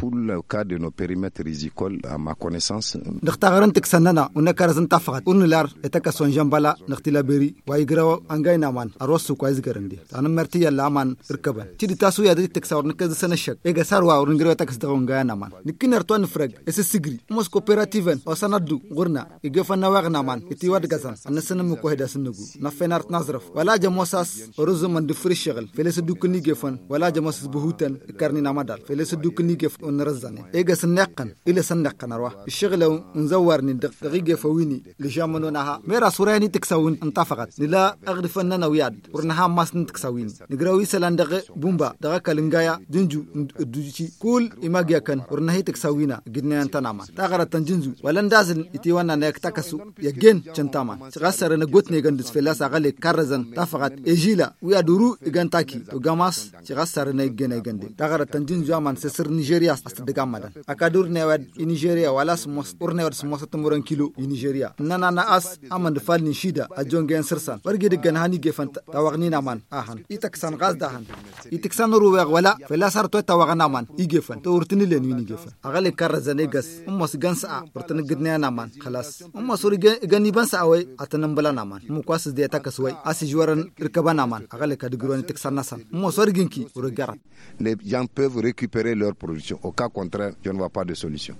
pour le cas de nos périmètres rizicoles, à ma connaissance. Ndartaran teksanana, on a karazan tafat, on lar, et à son jambala, nartilaberi, waigrao, angainaman, arosu kwaizgarandi, anamerti à l'aman, irkaban. Tiditasu yadi texa or nekaz senechek, egasarwa or ingro tax d'angainaman. Nikinar tuan freg, et c'est sigri, mos coopérativen, osanadu, gurna, et gefanawarnaman, et tiwad gazan, anasenamukohedasenugu, nafenart nazraf, wala jamosas, rosuman de frichel, felis du kunigefon, wala jamosas buhutan, karninamadal, felis du kunigefon, ونرزني إيجا سنقن الى سنقن روح الشغلة ونزورني دقيقة فويني لجامن ونها ميرا سوراني تكسوين انتفقت نلا أغرف أننا وياد ورنها ماس نتكسوين نقراوي سلان دقي بومبا دقا كالنجايا دنجو دوجي كل إماجيا كان ورنهي تكسوينا قدنا انتناما تاغرة تنجنزو ولن دازل إتيوانا نكتكسو يجين چنتاما تغسر نقوتني غندس فلاس أغالي كارزن تفقت إجيلا ويادورو إغانتاكي وغاماس تغسر نيجين إغاندي تاغرة تنجنزو أمان سسر نيجيريا Gamadan, akadur newed i nigeria walas mos ur newed smosa tumuran kilo i nigeria nana na as amand falni shida a jongen sirsan wargedigan hani gefan man, ahan i taksan qasdahan i tiksan uruweq wala felasar toe tawaqanaman i gefan to urtinilen wini gefan aqalin karazane gas umos gansa'a urtini gidneanaman khalas umos ur ganibansaawey atinin bulanaman umukwasis deetakaswey asijwaran irkabanaman aqalin kadigironi tiksanasan umos warginki urigarat les gens peuvent récupérer leur production au cas contraire, je ne vois pas de solution.